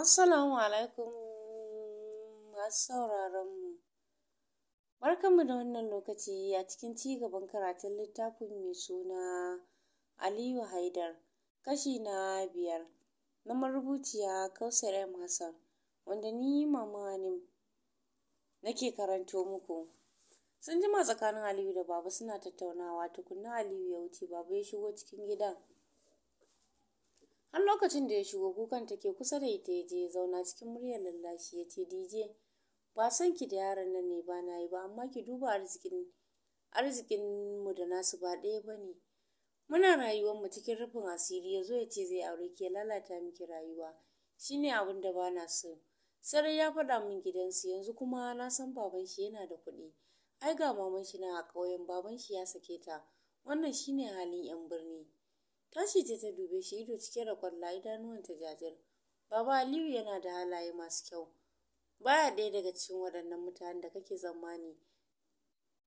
Assalamu alaikum masu sauraron mu. Barkanmu da wannan lokaci a cikin ci gaban karatun littafin mai suna Aliyu Haidar, kashi na biyar na marubuciya Kausar M. Hassan, wanda ni Mama na nake karanto muku. Sun jima tsakanin Aliyu da Baba suna tattaunawa tukunna Aliyu ya wuce Baba ya shigo cikin gidan. har lokacin da ya shigo kukan take kusa da ita ya je zauna cikin muryar lallashi ya ce dj ba san ki da yaran nan ne ba na yi ba amma ki duba arzikin arzikin mu da nasu ba ɗaya ba ne muna rayuwar mu cikin rufin asiri ya zo ya ce zai aure ki ya lalata miki rayuwa shine abin da ba na so sarai ya faɗa min gidansu yanzu kuma na san baban shi yana da kuɗi ai ga maman shi na a ƙauyen baban shi ya sake ta wannan shine halin yan birni Tashi ce ta dube shi ido cike da kwalla ta jajir. Baba Aliyu yana da halaye masu kyau. Baya ɗaya daga cikin waɗannan mutanen da kake zamani.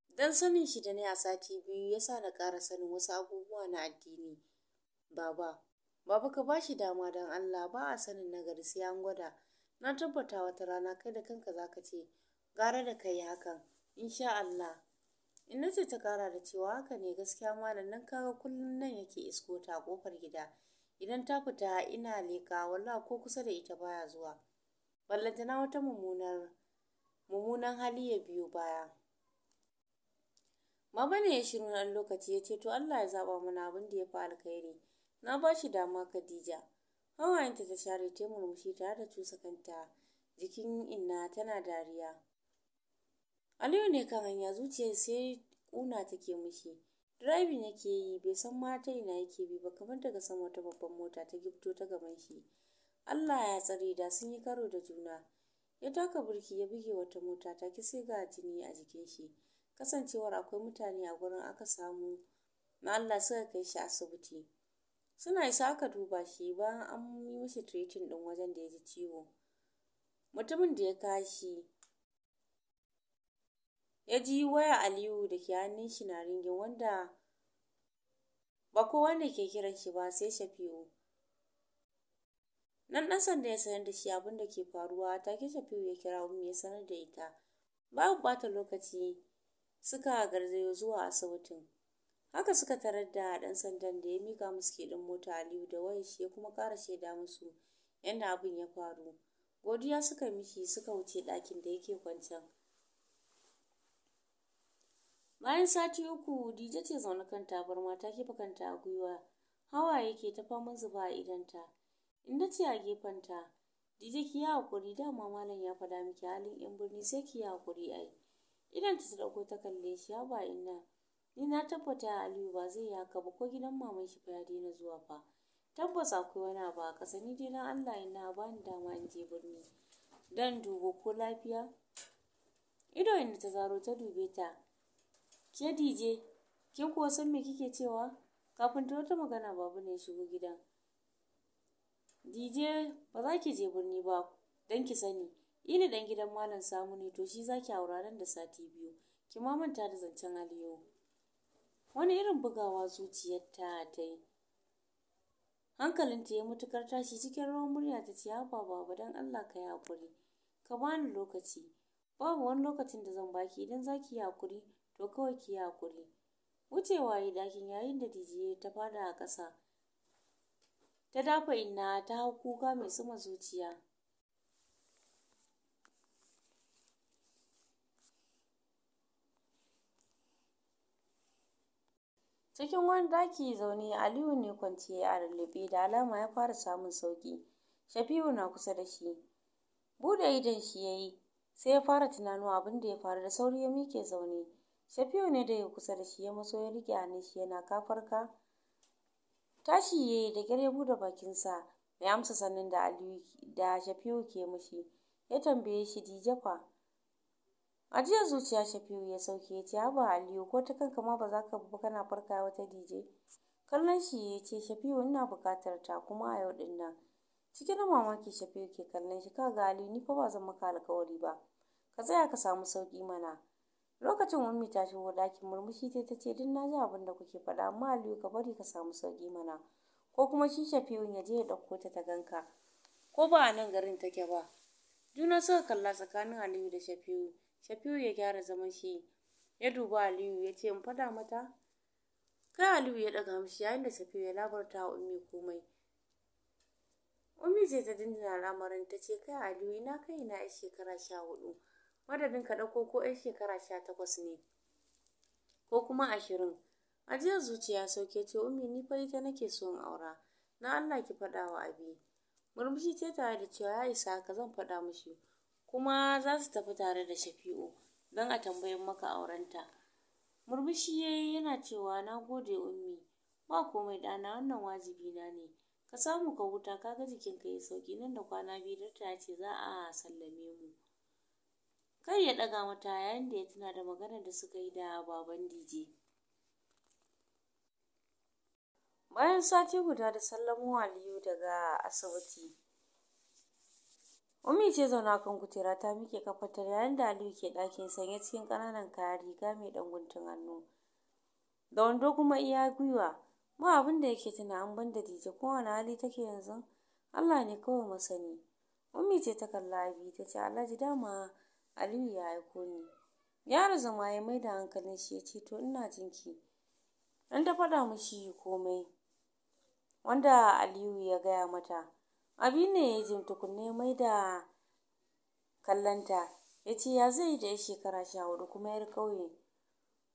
Dan sanin shi da ne a sati biyu ya sa na ƙara sanin wasu abubuwa na addini. Baba, baba ka ba shi dama don Allah ba a sanin nagari sai an gwada. Na tabbata wata rana kai da kanka za ka ce, gara da kai hakan, insha Allah. Inna ce ta kara da cewa haka ne gaskiya malam nan kaga kullum nan yake isko ta kofar gida. Idan ta fita ina leka walla ko kusa da ita baya zuwa. na wata mummunar mummunan hali ya biyo baya. Baba ne ya shiru na lokaci ya ce to Allah ya zaba mana abin da ya fi alkhairi. Na ba shi dama Khadija. Hawayenta ta share ta murmushi tare da cusa kanta. Jikin inna tana dariya. Aliyu ne kan hanya zuciyar sai ƙuna take mishi. Driving yake yi bai san ma ta ina yake bi ba kamar daga sama wata babban mota ta gifto ta gaban shi. Allah ya tsare da sun yi karo da juna. Ya taka burki ya buge wata mota ta ki sai ga jini a jikin shi. Kasancewar akwai mutane a gurin aka samu na Allah suka kai shi asibiti. Suna isa aka duba shi bayan an yi mishi treating ɗin wajen da ya ji ciwo. Mutumin da ya kashi ya ji waya Aliyu da ke hannun shi na ringin wanda ba ko wanda ke kiran shi ba sai Shafi'u. Nan ɗan sanda ya sanar da shi abin da ke faruwa ke Shafi'u ya kira Ummi ya sanar da ita. Babu bata lokaci suka garzayo zuwa asibitin. Haka suka tarar da ɗan sandan da ya mika musu keɗin mota Aliyu da wayar shi ya kuma ƙara shaida musu yadda abin ya faru. Godiya suka mishi suka wuce ɗakin da yake kwancen. Bayan sati uku, Dije ce zaune kan tabarma ta kifa kanta a gwiwa. hawa ke ta faman zuba a idanta. Inda ce a gefen ta. Dije ki yi hakuri dama malam ya faɗa miki halin yan birni sai ki yi hakuri ai. Idan ta dauko ta kalle shi ya ba inna. Ni na tabbata Aliyu ba zai yi haka ba ko gidan maman shi ya daina zuwa ba. Tabbas akwai wani abu a ƙasa ni dai na Allah ina ba ni dama in je birni. Dan dubo ko lafiya. Ido inda ta zaro ta dube ta. Ke dije, ke kuwa san me kike cewa? Kafin ta wata magana babu ne shigo gidan. Dije, ba za ki je birni ba, don ki sani, ini dan gidan Malam Samu ne, to shi za ki aura nan da sati biyu. Ki ma manta da zancen Aliyu. Wani irin bugawa zuciyar ta yi. Hankalinta ya mutukar tashi cikin rawan murya ta ce, "Haba baba, don Allah ka yi haƙuri, ka bani lokaci, babu wani lokacin da zan baki idan za ki yi haƙuri, to kawai ki hakuri wucewa yi dakin yayin da dijiye ta fada a ƙasa ta dafa ina ta hau kuka mai sama zuciya cikin wani daki zaune aliyu ne kwanciya a lullube da alama ya fara samun sauki shafi'u na kusa da shi bude idon shi ya yi sai ya fara tunanin abin da ya faru da sauri ya mike zaune Shafi'u ne da ya kusa da shi ya maso ya rike hannun shi yana kafarka. Tashi da yi da gare bude bakinsa ya amsa sannin da Aliyu da Shafi'u ke mishi ya tambaye shi Dijafa. A jiya zuciya Shafi'u ya sauke ya ce haba Aliyu ko ta kanka ma ba za ka bu kana farka wata dije. Kallon shi ya ce Shafi'u ina buƙatar ta kuma a yau din nan. Cikin mamaki Shafi'u ke kallon shi kaga Aliyu ni fa ba zan maka alƙawari ba. Ka tsaya ka samu sauƙi mana. lokacin ummi ta shigo ɗakin murmushi ta tace ce duk na ji abin da kuke faɗa amma aliyu ka bari ka samu sauƙi mana ko kuma shi shafiyun ya je ya ɗauko ta ta ganka ko ba a nan garin take ba juna suka kalla tsakanin aliyu da shafiyu shafiyu ya gyara zaman shi ya duba aliyu ya ce in faɗa mata kai aliyu ya ɗaga mishi yayin da shafiyu ya labarta wa ummi komai ummi ce ta dindina al'amarin ta ce kai aliyu ina kai na shekara sha hudu madadin ka ɗauko ko 'yan shekara sha takwas ne ko kuma ashirin ajiyar zuciya sauke ce ummi ni fa ita nake so in aura na Allah ki faɗa wa abi murmushi ce tare da cewa ya isa ka zan faɗa mishi kuma za su tafi tare da shafi'u don a tambayin maka aurenta murmushi ya yi yana cewa na gode ummi ba komai ɗana wannan wajibi na ne ka samu ka huta kaga jikinka ya sauki nan da kwana biyu da ta ce za a sallame mu kar ya ɗaga mata yayin da ya tuna da maganar da suka yi da baban DJ. bayan sati guda da sallamo waliyu daga asibiti Ummi ce zauna kan kujera ta miƙe kafarta yayin da Aliyu ke ɗakin sanye cikin ƙananan kaya riga mai ɗan guntun hannu. Da wando kuma iya gwiwa, ba abin da yake tuna an banda dije wani hali take yanzu, Allah ne kawai masani. Ummi ce ta kalla biyu ta ce Alhaji dama Aliyu ya aiko ni. Gyara zama ya mai da hankalin shi ya ce to ina jin ki. An ta faɗa mishi komai wanda Aliyu ya gaya mata. Abi ne ya jin tukunna ya maida kallanta ya ce ya zai yi da ya shekara sha hudu kuma yar ƙauye.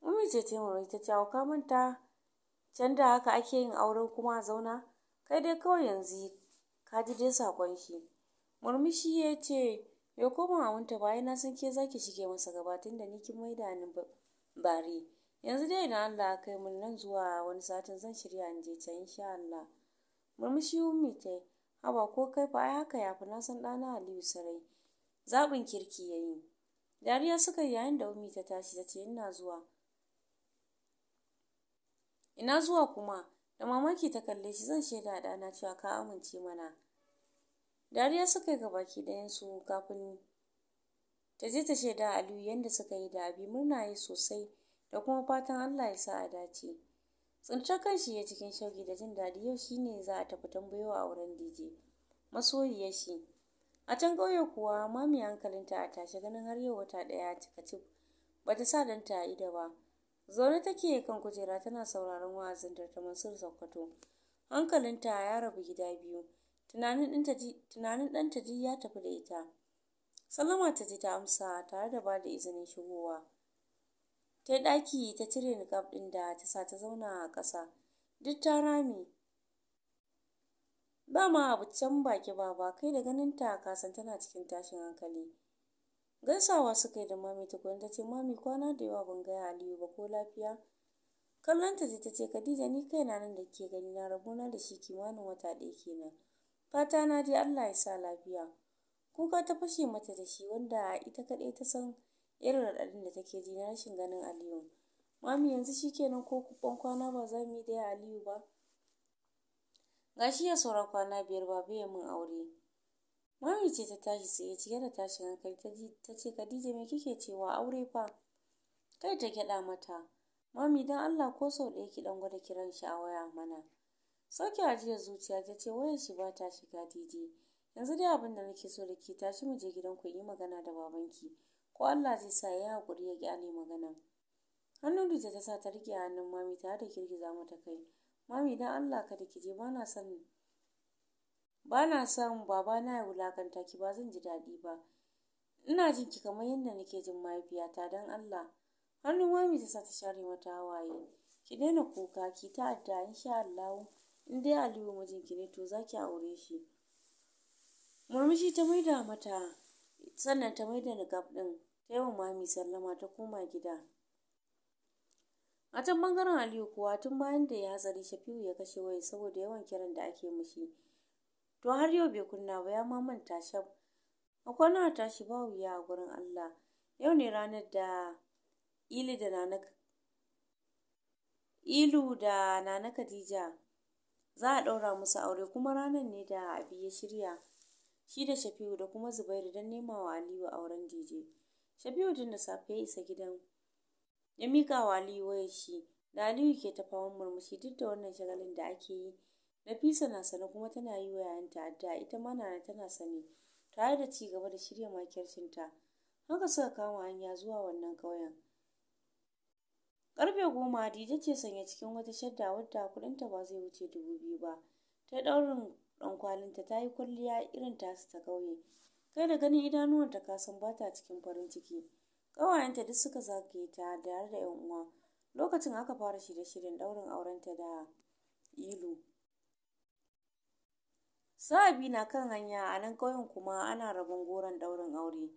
Ummi ce ta yi ta ce ka manta can da haka ake yin aure kuma a zauna kai dai kawai yanzu ka ji dai saƙon shi. Murmushi ya ce Ya koma ban awunta ba na san ke zaki shige masa gaba da ni kin maida ni bare. Yanzu dai idan Allah ya kai mu nan zuwa wani satin zan shirya in je can insha Allah. Murmushi ummi ta yi. Haba ko kai fa ai haka yafi na san ɗana Aliyu sarai. Zaɓin kirki ya yi. Dariya suka yi yayin da ummi ta tashi ta ce ina zuwa. Ina zuwa kuma? Da mamaki ta kalle shi zan shaida ɗana cewa ka amince mana. dariya suka yi ga baki ɗayansu kafin ta je ta shaida aliyu yadda suka yi da abi murna ya sosai da kuma fatan allah ya sa a dace tsintar kan shi ya cikin shauki da jin daɗi yau shi ne za a tafi tambayowa a wurin dj Masoyiya shi a can ƙauye kuwa mami hankalinta a tashi ganin har yau wata ɗaya cika cif ta sa danta a ido ba zaune take kan kujera tana sauraron wa'azin da ta mansur sokoto hankalinta ya rabu gida biyu Tunanin ɗanta ji ya tafi da ita. Salama ta ji ta amsa tare da ba da izinin shigowa. Ta yi ɗaki ta cire niƙaf ɗin da ta sa ta zauna a ƙasa. Duk ta rame. Ba ma abu can baki baba kai da ganin ta kasan tana cikin tashin hankali. Gaisawa suka yi da mami tukun ta ce mami kwana da yawa ban gaya Aliyu ba ko lafiya. Kallon ta ta ce Khadija ni kai na nan da ke gani na rabu na da shi kimanin wata ɗaya kenan. Fata na dai Allah ya sa lafiya. Kuka ta fashe mata da shi wanda ita kadai ta san irin raɗaɗin da take ji na rashin ganin Aliyu. Mami yanzu shi kenan ko kuɓan kwana ba za mu yi da Aliyu ba. Gashi ya saura kwana biyar ba ya mun aure. Mami ce ta tashi sai cike da tashi hankali ta ji ta ce Khadija me kike cewa aure fa? Kai ta gyaɗa mata. Mami dan Allah ko sau ɗaya ki ɗan gwada kiran shi a waya mana. Sauke ajiyar zuciya ta ce wayar shi ba ta shiga daidai. Yanzu dai abin da nake so da ke tashi mu je gidan ku yi magana da babanki. Ko Allah zai sa ya hakuri ya gane magana. Hannun Dija ta sa ta rike hannun mami tare da girgiza mata kai. Mami dan Allah kada ki je bana son bana son baba na ya wulakanta ki ba zan ji daɗi ba. Ina jin ki kamar yadda nake jin mahaifiyata dan Allah. Hannun mami ta sa ta share mata hawaye. Ki daina kuka ki ta adda insha Allah. in dai Aliyu mijinki ne to zaki aure shi. Murmushi ta maida mata sannan ta maida ni kaf ɗin ta yi wa mami sallama ta koma gida. A can bangaren Aliyu kuwa tun bayan da ya hatsari Shafi'u ya kashe waya saboda yawan kiran da ake mishi. To har yau bai kunna ba ya ma manta shaf. A kwana tashi ba wuya a gurin Allah. Yau ne ranar da Ilu da Nana Khadija za a ɗaura musu aure kuma ranar ne da abi ya shirya shi da shafi'u da kuma zubairu don nema wa aliyu auren dije shafi'u tun da safe ya isa gidan ya mika wa aliyu wayar shi da aliyu ke ta fawon murmushi duk da wannan shagalin da ake yi nafisa na sane kuma tana yi wa 'ya'yan ta'adda, ita ma nana tana sane tare da ci gaba da shirya makircinta haka suka kama hanya zuwa wannan ƙauyen Karfe goma hadija ce sanya cikin wata shadda wadda kudinta ba zai wuce dubu biyu ba. Ta daurin kwalinta ta yi kwalliya irin tasu ta kauye. Kai da ganin idanuwanta ka san ba ta cikin farin ciki. Ƙawayenta duk suka zagaye ta da har da 'yan uwa. Lokacin aka fara shirye-shiryen daurin aurenta da Ilu. Sa'abi na kan hanya a nan ƙauyen kuma ana rabon goron ɗaurin aure.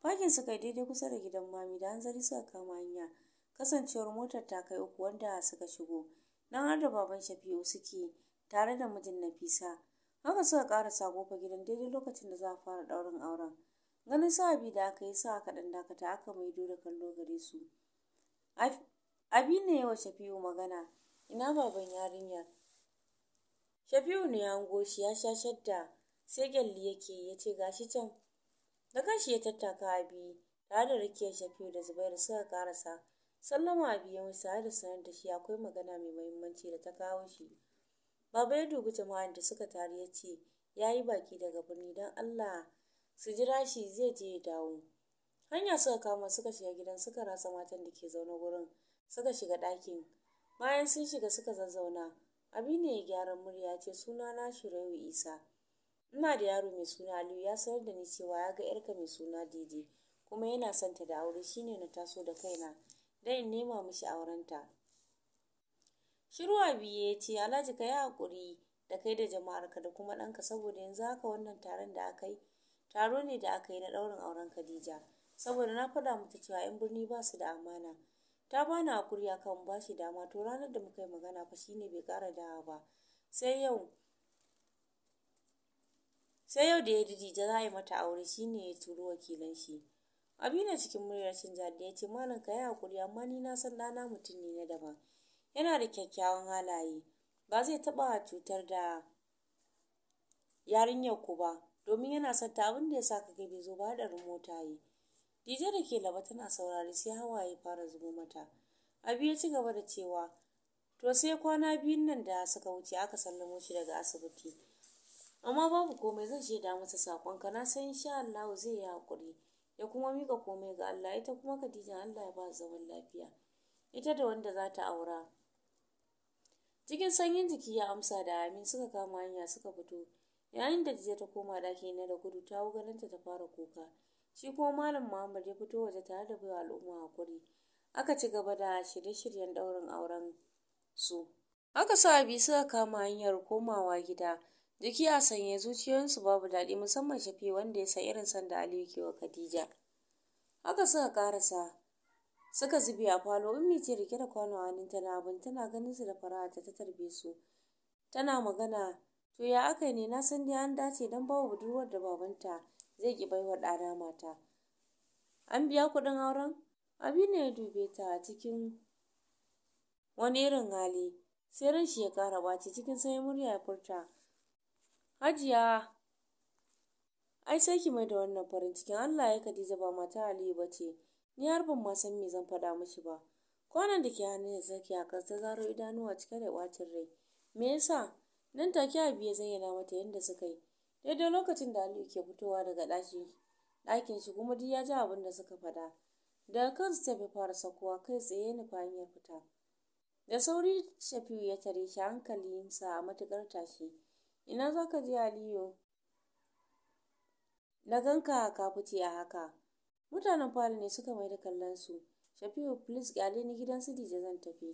Fakin suka yi daidai kusa da gidan mami da hanzari suka kama hanya. kasancewar motar ta kai uku wanda suka shigo nan har da baban shafi'u suke tare da mijin nafisa haka suka sako kofa gidan daidai lokacin da za a fara ɗaurin auren ganin sa abi da aka yi sa aka ɗan dakata aka maido da kallo gare su abi ne yawa shafi'u magana ina baban yarinyar shafi'u ne ya hango shi ya sha shadda sai gyalli yake ya ce gashi can da kanshi ya tattaka abi tare da rikiyar shafi'u da zubairu suka karasa sallama a biye masa da sanar da shi akwai magana mai muhimmanci da ta kawo shi baba ya dubi jama'an da suka taru ya ce ya yi baki daga birni don allah su jira shi zai je ya dawo hanya suka kama suka shiga gidan suka rasa matan da ke zaune wurin suka shiga ɗakin bayan sun shiga suka zazzauna abi ne ya gyara murya ce suna na shirayu isa ina da yaro mai suna aliyu ya sanar da ni cewa ya ga yarka mai suna didi kuma yana son ta da aure shine na taso da kaina dan in nema mishi aurenta. Shiru biye ya ce, Alhaji ka yi haƙuri da kai da jama'arka da kuma ɗanka saboda yanzu haka wannan taron da aka yi, taro ne da aka yi na ɗaurin auren Khadija. Saboda na faɗa mata cewa ‘yan birni ba su da amana. Ta bani haƙuri akan ba shi dama to ranar da muka yi magana fa shine bai ƙara dawa ba. Sai yau sai yau da ya ji didija za a yi mata aure shine ya turo wakilan shi. Abina cikin muryar cin jadi ya ce malam ka yi hakuri amma ni na san ɗana mutum ne na daban. Yana da kyakkyawan halaye ba zai taɓa cutar da yarinyar ku ba domin yana son ta abin da ya sa ka ga bai zo ba haɗarin mota yi. Dije da ke laba tana saurari sai hawaye fara zubo mata. Abi ya ci gaba da cewa to sai kwana biyun nan da suka wuce aka sallamo shi daga asibiti. Amma babu komai zan shaida masa saƙonka na san insha Allahu zai yi hakuri ya kuma mika komai ga Allah ita kuma Khadija Allah ya ba zaman lafiya ita da wanda za ta aura cikin sanyin jiki ya amsa da amin suka kama hanya suka fito yayin da jiya ta koma ɗaki na da gudu ta wugaranta ta fara kuka shi kuma malam Muhammad ya fito waje tare da bai al'umma hakuri aka ci gaba da shirye-shiryen ɗaurin auren su haka sa biyu suka kama hanyar komawa gida Jiki a sanye zuciyoyinsu babu daɗi musamman shafi wanda ya san irin sanda Aliyu ke wa Khadija. Haka suka karasa suka zube a falo ummi ce rike da kwano hannunta tana, abin tana ganin su da fara ta tarbe su. Tana magana to ya aka ne na san dai an dace don bawa budurwar da babanta zai ki baiwa ɗana mata. An biya kuɗin auren? Abin ya dube ta cikin wani irin hali sai ran shi ya kara ɓaci cikin sai murya ya furta. Hajiya ai sai ki mai da wannan farin cikin Allah ya Khadija ba mata Aliyu ba ce, ni har ban ma san me zan faɗa mishi ba. Kwanan da ke hannu ya saki a ta zaro idanuwa cike da ɓacin rai. Me yasa? Nan take a biye zayyana mata yadda suka yi. Daidai lokacin da Aliyu ke fitowa daga ɗakin ɗakin shi kuma duk ya ji abin da suka faɗa. Da kansu ta fi fara sakuwa kai tsaye ni hanyar fita. Da sauri Shafi'u ya tare shi hankalinsa a matukar tashe. Ina za ka je Aliyu? Na gan ka fice a haka. Mutanen falo ne suka mai da kallon su. Shafi'u please kyale ni gidan su dija zan tafi.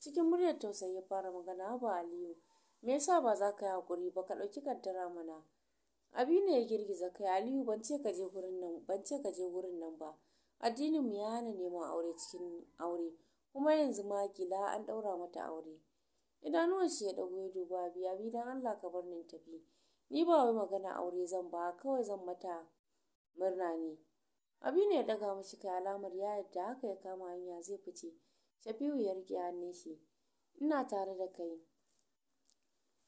Cikin muryar tausayi ya fara magana ba Aliyu. Me yasa ba za ka yi hakuri ba ka ɗauki kaddara mana? Abi ne ya girgiza kai Aliyu ban ce ka je gurin nan ban ce ka je gurin nan ba. Addinin mu ya hana neman aure cikin aure kuma yanzu ma kila an ɗaura mata aure. Idanuwan shi ya ɗago ya duba biya bi dan Allah ka bar ni tafi. Ni ba wai magana aure zan ba kawai zan mata murna ne. Abi ne ya daga mashi kai alamar ya yadda haka ya kama hanya zai fice. Shafi'u ya rike hannun shi. Ina tare da kai.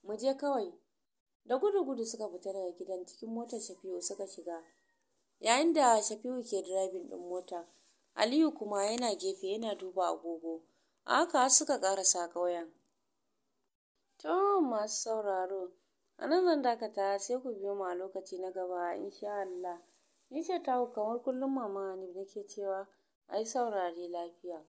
Mu je kawai. Da gudu-gudu suka fita daga gidan cikin motar Shafi'u suka shiga. Yayin da Shafi'u ke driving ɗin mota, Aliyu kuma yana gefe yana duba agogo. A haka har suka ƙarasa ƙauyen. To masu sauraro, a nan zan dakata sai ku biyo mu a lokaci na gaba insha Allah. Ni ce ta kamar kullum Mama ne nake cewa ai saurare lafiya.